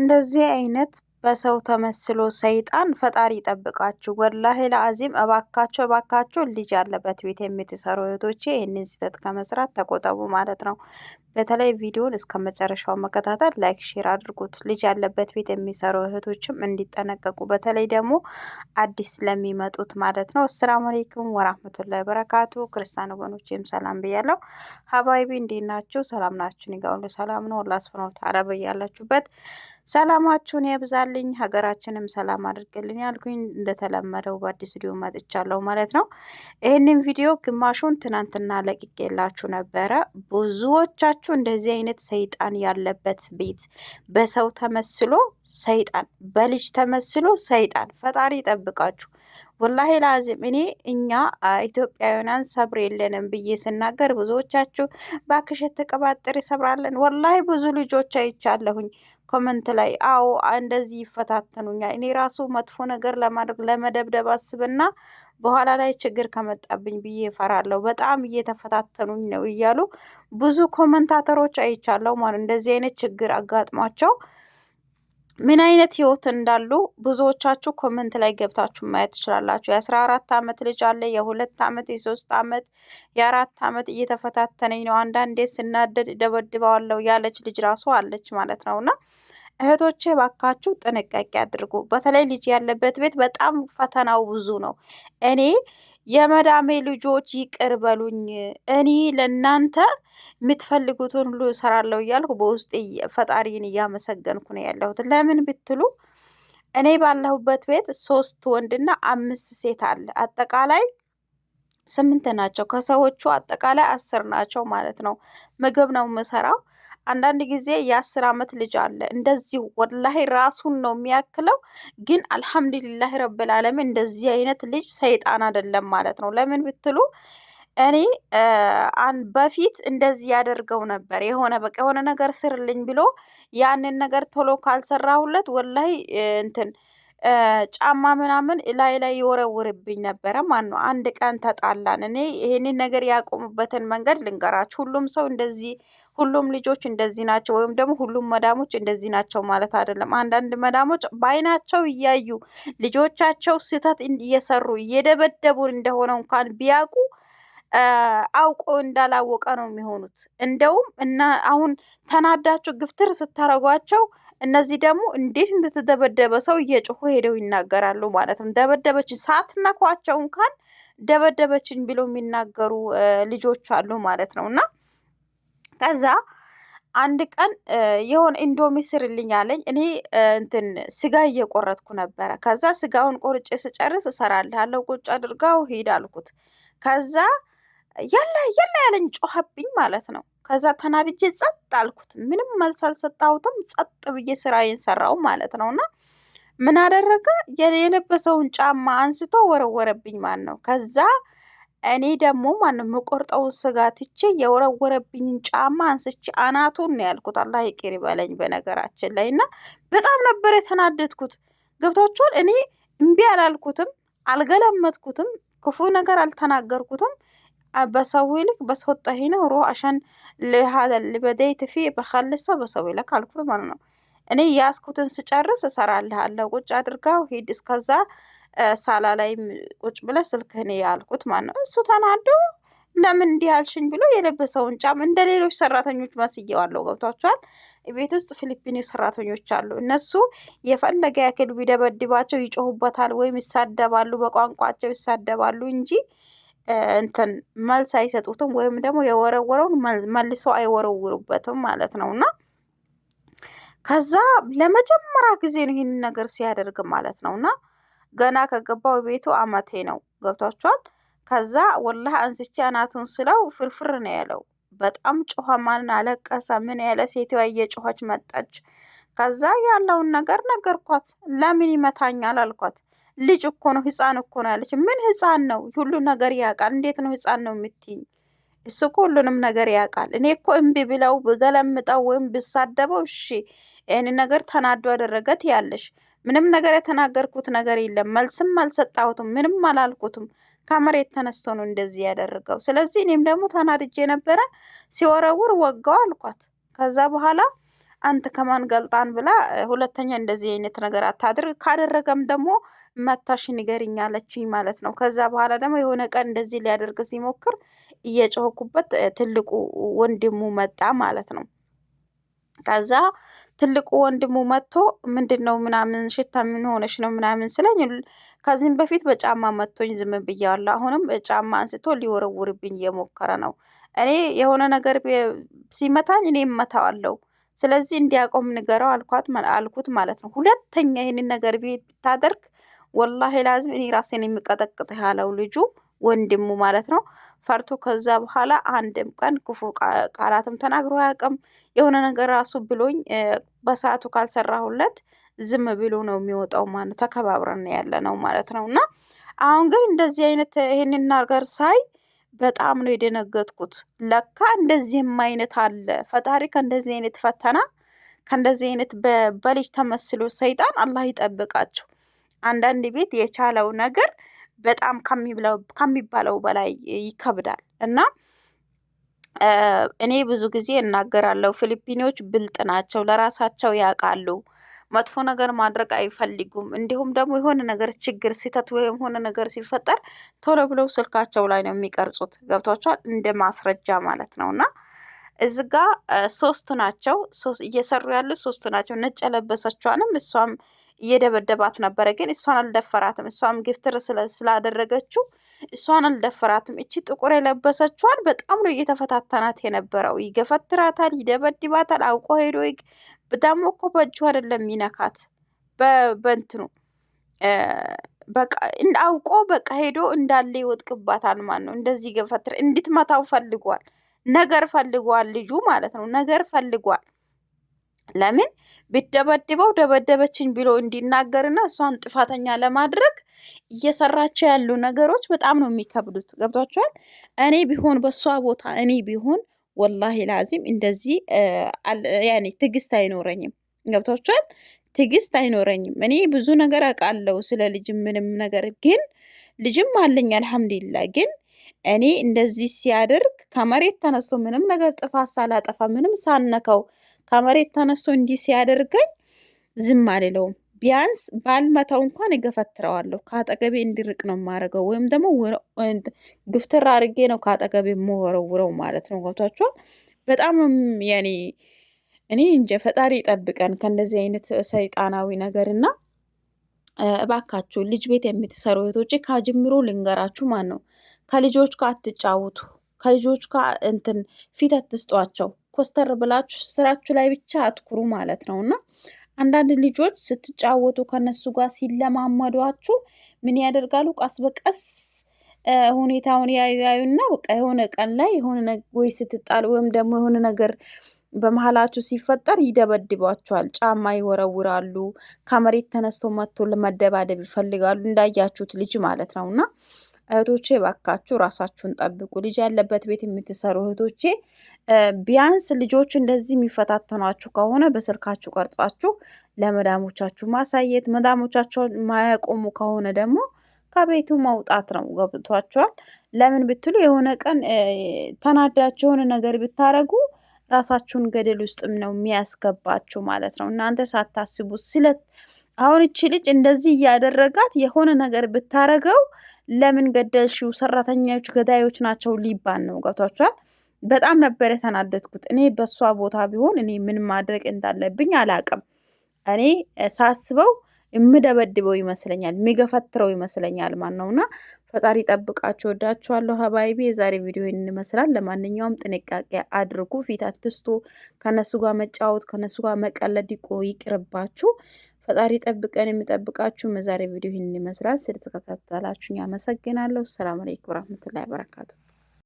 እንደዚህ አይነት በሰው ተመስሎ ሰይጣን ፈጣሪ ይጠብቃችሁ። ወላሂ ለአዚም እባካችሁ እባካችሁ ልጅ ያለበት ቤት የምትሰሩ እህቶቼ ይህንን ስህተት ከመስራት ተቆጠቡ ማለት ነው። በተለይ ቪዲዮን እስከ መጨረሻው መከታተል፣ ላይክ፣ ሼር አድርጉት። ልጅ ያለበት ቤት የሚሰሩ እህቶችም እንዲጠነቀቁ በተለይ ደግሞ አዲስ ለሚመጡት ማለት ነው። አሰላሙ አሌይኩም ወራህመቱላሂ በረካቱ። ክርስቲያን ወገኖቼም ሰላም ብያለሁ። ሀባይቢ እንዴት ናችሁ? ሰላም ናችሁን? ይጋሉ ሰላም ነው። አላህ ሱብሃነሁ ወተዓላ በያላችሁበት ሰላማችሁን ያብዛልኝ፣ ሀገራችንም ሰላም አድርግልኝ ያልኩኝ እንደተለመደው በአዲስ ቪዲዮ መጥቻለሁ ማለት ነው። ይህንም ቪዲዮ ግማሹን ትናንትና ለቅቄላችሁ ነበረ። ብዙዎቻችሁ እንደዚህ አይነት ሰይጣን ያለበት ቤት በሰው ተመስሎ ሰይጣን፣ በልጅ ተመስሎ ሰይጣን፣ ፈጣሪ ይጠብቃችሁ። ወላሂ ላዚም እኔ እኛ ኢትዮጵያውያን ሰብር የለንም ብዬ ስናገር ብዙዎቻችሁ ባክሸት ተቀባጥር ይሰብራለን። ወላሂ ብዙ ልጆች አይቻለሁኝ ኮመንት ላይ አዎ እንደዚህ ይፈታተኑኛል። እኔ ራሱ መጥፎ ነገር ለማድረግ ለመደብደብ አስብና በኋላ ላይ ችግር ከመጣብኝ ብዬ እፈራለሁ። በጣም እየተፈታተኑኝ ነው እያሉ ብዙ ኮመንታተሮች አይቻለሁ ማለት እንደዚህ አይነት ችግር አጋጥሟቸው ምን አይነት ህይወት እንዳሉ ብዙዎቻችሁ ኮመንት ላይ ገብታችሁ ማየት ትችላላችሁ። የአስራ አራት አመት ልጅ አለ፣ የሁለት አመት፣ የሶስት አመት፣ የአራት አመት እየተፈታተነኝ ነው፣ አንዳንዴ ስናደድ ደበድበዋለሁ ያለች ልጅ ራሱ አለች ማለት ነው። እና እህቶቼ ባካችሁ ጥንቃቄ አድርጉ። በተለይ ልጅ ያለበት ቤት በጣም ፈተናው ብዙ ነው። እኔ የመዳሜ ልጆች ይቅር በሉኝ፣ እኔ ለእናንተ የምትፈልጉትን ሁሉ እሰራለሁ እያልኩ በውስጤ ፈጣሪን እያመሰገንኩ ነው ያለሁት። ለምን ብትሉ እኔ ባለሁበት ቤት ሶስት ወንድና አምስት ሴት አለ። አጠቃላይ ስምንት ናቸው። ከሰዎቹ አጠቃላይ አስር ናቸው ማለት ነው። ምግብ ነው የምሰራው። አንዳንድ ጊዜ የአስር ዓመት ልጅ አለ እንደዚሁ ወላሂ ራሱን ነው የሚያክለው። ግን አልሐምዱሊላህ ረብል እንደዚህ አይነት ልጅ ሰይጣን አይደለም ማለት ነው። ለምን ብትሉ እኔ በፊት እንደዚህ ያደርገው ነበር። የሆነ በቃ የሆነ ነገር ስርልኝ ብሎ ያንን ነገር ቶሎ ካልሰራሁለት ወላሂ እንትን ጫማ ምናምን ላይ ላይ ይወረውርብኝ ነበረ። ማን ነው አንድ ቀን ተጣላን። እኔ ይህንን ነገር ያቆሙበትን መንገድ ልንገራችሁ። ሁሉም ሰው እንደዚህ ሁሉም ልጆች እንደዚህ ናቸው፣ ወይም ደግሞ ሁሉም መዳሞች እንደዚህ ናቸው ማለት አይደለም። አንዳንድ መዳሞች በአይናቸው እያዩ ልጆቻቸው ስህተት እየሰሩ እየደበደቡ እንደሆነ እንኳን ቢያውቁ አውቆ እንዳላወቀ ነው የሚሆኑት። እንደውም እና አሁን ተናዳችሁ ግፍትር ስታረጓቸው እነዚህ ደግሞ እንዴት እንደተደበደበ ሰው እየጮሁ ሄደው ይናገራሉ ማለት ነው። ደበደበችን ሳትነኳቸው እንኳን ደበደበችን ብለው የሚናገሩ ልጆች አሉ ማለት ነው። እና ከዛ አንድ ቀን የሆነ ኢንዶሚ ስርልኝ አለኝ። እኔ እንትን ስጋ እየቆረጥኩ ነበረ። ከዛ ስጋውን ቆርጬ ስጨርስ እሰራልሃለሁ ቁጭ አድርጋው ሂድ አልኩት። ከዛ ያላ ያላ ያለኝ ጮኸብኝ ማለት ነው። ከዛ ተናድጄ ጸጥ አልኩት። ምንም መልስ አልሰጠሁትም። ጸጥ ብዬ ስራዬን ሰራው ማለት ነው። እና ምን አደረገ? የለበሰውን ጫማ አንስቶ ወረወረብኝ ማለት ነው። ከዛ እኔ ደግሞ ማነው የምቆርጠውን ስጋ ትቼ የወረወረብኝን ጫማ አንስቼ አናቱን ነው ያልኩት። አላህ ይቅር ይበለኝ በነገራችን ላይ እና በጣም ነበር የተናደድኩት። ገብታችኋል። እኔ እምቢ አላልኩትም፣ አልገለመጥኩትም፣ ክፉ ነገር አልተናገርኩትም። بسوي لك بس حطه هنا وروح عشان لهذا اللي بديت فيه بخلصه بسوي لك አልኩት ማለት ነው። እኔ ያዝኩትን ስጨርስ እሰራልሃለሁ ቁጭ አድርጋው ሂድ እስከዛ ሳላ ላይም ቁጭ ብለህ ስልክህን እይ ማለት ነው። እሱ ተናዶ ለምን እንዲህ አልሽኝ ብሎ የለበሰውን ጫማ እንደ ሌሎች ሰራተኞች መስዬዋለሁ። ገብቷችኋል? ቤት ውስጥ ፊሊፒኒ ሰራተኞች አሉ። እነሱ የፈለገ ያክል ቢደበድባቸው ይጮሁበታል፣ ወይም ይሳደባሉ፣ በቋንቋቸው ይሳደባሉ እንጂ እንትን መልስ አይሰጡትም፣ ወይም ደግሞ የወረወረውን መልሰው አይወረውሩበትም ማለት ነው እና ከዛ ለመጀመሪያ ጊዜ ነው ይህንን ነገር ሲያደርግ ማለት ነው እና ገና ከገባው ቤቱ አመቴ ነው ገብቷቸዋል። ከዛ ወላህ አንስቼ አናቱን ስለው ፍርፍር ነው ያለው። በጣም ጮኸ፣ ማንን አለቀሰ፣ ምን ያለ ሴትዋ እየጮኸች መጣች። ከዛ ያለውን ነገር ነገርኳት። ለምን ይመታኛል አልኳት። ልጅ እኮ ነው፣ ህፃን እኮ ነው ያለች። ምን ህፃን ነው? ሁሉ ነገር ያውቃል። እንዴት ነው ህፃን ነው የምትይኝ? እሱ እኮ ሁሉንም ነገር ያውቃል። እኔ እኮ እምቢ ብለው ብገለምጠው ወይም ብሳደበው እሺ፣ ይህን ነገር ተናዶ ያደረገት ያለሽ ምንም ነገር የተናገርኩት ነገር የለም። መልስም አልሰጣሁትም፣ ምንም አላልኩትም። ከመሬት ተነስቶ ነው እንደዚህ ያደረገው። ስለዚህ እኔም ደግሞ ተናድጄ ነበረ። ሲወረውር ወጋው አልኳት። ከዛ በኋላ አንተ ከማን ገልጣን ብላ ሁለተኛ እንደዚህ አይነት ነገር አታድርግ፣ ካደረገም ደግሞ መታሽ ንገሪኝ አለችኝ ማለት ነው። ከዛ በኋላ ደግሞ የሆነ ቀን እንደዚህ ሊያደርግ ሲሞክር እየጮህኩበት ትልቁ ወንድሙ መጣ ማለት ነው። ከዛ ትልቁ ወንድሙ መጥቶ ምንድን ነው ምናምን ሽታ ምን ሆነች ነው ምናምን ስለኝ፣ ከዚህም በፊት በጫማ መጥቶኝ ዝም ብያዋለሁ። አሁንም ጫማ አንስቶ ሊወረውርብኝ እየሞከረ ነው። እኔ የሆነ ነገር ሲመታኝ እኔ እመታዋለሁ። ስለዚህ እንዲያቆም ንገረው አልኳት አልኩት ማለት ነው። ሁለተኛ ይህንን ነገር ቤት ብታደርግ ወላሂ ላዝም እኔ ራሴን የሚቀጠቅጥ ያለው ልጁ ወንድሙ ማለት ነው። ፈርቶ ከዛ በኋላ አንድም ቀን ክፉ ቃላትም ተናግሮ አያውቅም። የሆነ ነገር ራሱ ብሎኝ በሰዓቱ ካልሰራሁለት ዝም ብሎ ነው የሚወጣው። ማለት ተከባብረን ያለ ነው ማለት ነው። እና አሁን ግን እንደዚህ አይነት ይህንን ነገር ሳይ በጣም ነው የደነገጥኩት። ለካ እንደዚህም አይነት አለ ፈጣሪ ከእንደዚህ አይነት ፈተና ከእንደዚህ አይነት በልጅ ተመስሎ ሰይጣን አላህ ይጠብቃቸው። አንዳንድ ቤት የቻለው ነገር በጣም ከሚባለው በላይ ይከብዳል እና እኔ ብዙ ጊዜ እናገራለሁ፣ ፊሊፒኒዎች ብልጥ ናቸው፣ ለራሳቸው ያውቃሉ። መጥፎ ነገር ማድረግ አይፈልጉም። እንዲሁም ደግሞ የሆነ ነገር ችግር፣ ሲተት ወይም ሆነ ነገር ሲፈጠር ቶሎ ብለው ስልካቸው ላይ ነው የሚቀርጹት። ገብቷቸዋል እንደ ማስረጃ ማለት ነው እና እዚ ጋ ሶስት ናቸው እየሰሩ ያሉት ሶስት ናቸው። ነጭ የለበሰችዋንም እሷም እየደበደባት ነበረ፣ ግን እሷን አልደፈራትም። እሷም ግፍትር ስላደረገችው እሷን አልደፈራትም። እቺ ጥቁር የለበሰችዋን በጣም ነው እየተፈታተናት የነበረው። ይገፈትራታል፣ ይደበድባታል። አውቆ ሄዶ ደግሞ እኮ በእጁ አይደለም የሚነካት በእንትኑ በቃ አውቆ በቃ ሄዶ እንዳለ ይወጥቅባታል ማለት ነው። እንደዚህ ገፈትር እንድትመታው ፈልጓል። ነገር ፈልጓል፣ ልጁ ማለት ነው። ነገር ፈልጓል። ለምን ብደበድበው ደበደበችኝ ብሎ እንዲናገርና እሷን ጥፋተኛ ለማድረግ እየሰራቸው ያሉ ነገሮች በጣም ነው የሚከብዱት። ገብቷቸዋል። እኔ ቢሆን በእሷ ቦታ እኔ ቢሆን ወላሂ ላዚም እንደዚህ ያኔ ትዕግስት አይኖረኝም። ገብቷችኋል? ትዕግስት አይኖረኝም። እኔ ብዙ ነገር አውቃለሁ ስለ ልጅም ምንም ነገር ግን ልጅም አለኝ አልሐምዱሊላ። ግን እኔ እንደዚህ ሲያደርግ ከመሬት ተነስቶ ምንም ነገር ጥፋት ሳላጠፋ ምንም ሳነካው ከመሬት ተነስቶ እንዲህ ሲያደርገኝ ዝም አልለውም። ቢያንስ ባልመታው እንኳን እገፈትረዋለሁ። ከአጠገቤ እንዲርቅ ነው የማደርገው፣ ወይም ደግሞ ግፍትር አድርጌ ነው ከአጠገቤ የምወረውረው ማለት ነው። ገብቷችኋል? በጣም ያኔ እኔ እንጃ። ፈጣሪ ይጠብቀን ከእንደዚህ አይነት ሰይጣናዊ ነገር እና እባካችሁ ልጅ ቤት የምትሰሩ እህቶቼ ከጅምሩ ልንገራችሁ፣ ማን ነው ከልጆች ጋር አትጫወቱ፣ ከልጆች ጋር እንትን ፊት አትስጧቸው። ኮስተር ብላችሁ ስራችሁ ላይ ብቻ አትኩሩ ማለት ነው እና አንዳንድ ልጆች ስትጫወቱ ከነሱ ጋር ሲለማመዷችሁ ምን ያደርጋሉ? ቀስ በቀስ ሁኔታውን ያዩ ያዩና በቃ የሆነ ቀን ላይ የሆነ ወይ ስትጣሉ ወይም ደግሞ የሆነ ነገር በመሀላችሁ ሲፈጠር ይደበድቧቸዋል። ጫማ ይወረውራሉ። ከመሬት ተነስቶ መጥቶ ለመደባደብ ይፈልጋሉ። እንዳያችሁት ልጅ ማለት ነው እና እህቶቼ ባካችሁ ራሳችሁን ጠብቁ። ልጅ ያለበት ቤት የምትሰሩ እህቶቼ ቢያንስ ልጆች እንደዚህ የሚፈታተኗችሁ ከሆነ በስልካችሁ ቀርጻችሁ ለመዳሞቻችሁ ማሳየት፣ መዳሞቻቸውን ማያቆሙ ከሆነ ደግሞ ከቤቱ መውጣት ነው። ገብቷቸዋል። ለምን ብትሉ የሆነ ቀን ተናዳችሁ የሆነ ነገር ብታረጉ ራሳችሁን ገደል ውስጥም ነው የሚያስገባችሁ ማለት ነው። እናንተ ሳታስቡ ስለት አሁን እቺ ልጅ እንደዚህ እያደረጋት የሆነ ነገር ብታረገው ለምን ገደልሽው? ሰራተኞች ገዳዮች ናቸው ሊባል ነው። ገብቷችኋል? በጣም ነበር የተናደድኩት። እኔ በእሷ ቦታ ቢሆን እኔ ምን ማድረግ እንዳለብኝ አላቅም። እኔ ሳስበው የምደበድበው ይመስለኛል፣ የሚገፈትረው ይመስለኛል። ማን ነውና ፈጣሪ ጠብቃችሁ። ወዳችኋለሁ ሀባይቢ። የዛሬ ቪዲዮ ይህን ለማንኛውም ጥንቃቄ አድርጉ፣ ፊት አትስቶ ከነሱ ጋር መጫወት ከነሱ ጋር መቀለድ ይቆ ይቅርባችሁ። ፈጣሪ ጠብቀን። የሚጠብቃችሁ። መዛሬ ቪዲዮ ይህንን ይመስላል። ስለተከታተላችሁን ያመሰግናለሁ። ሰላም አለይኩም ወራህመቱላሂ ወበረካቱ።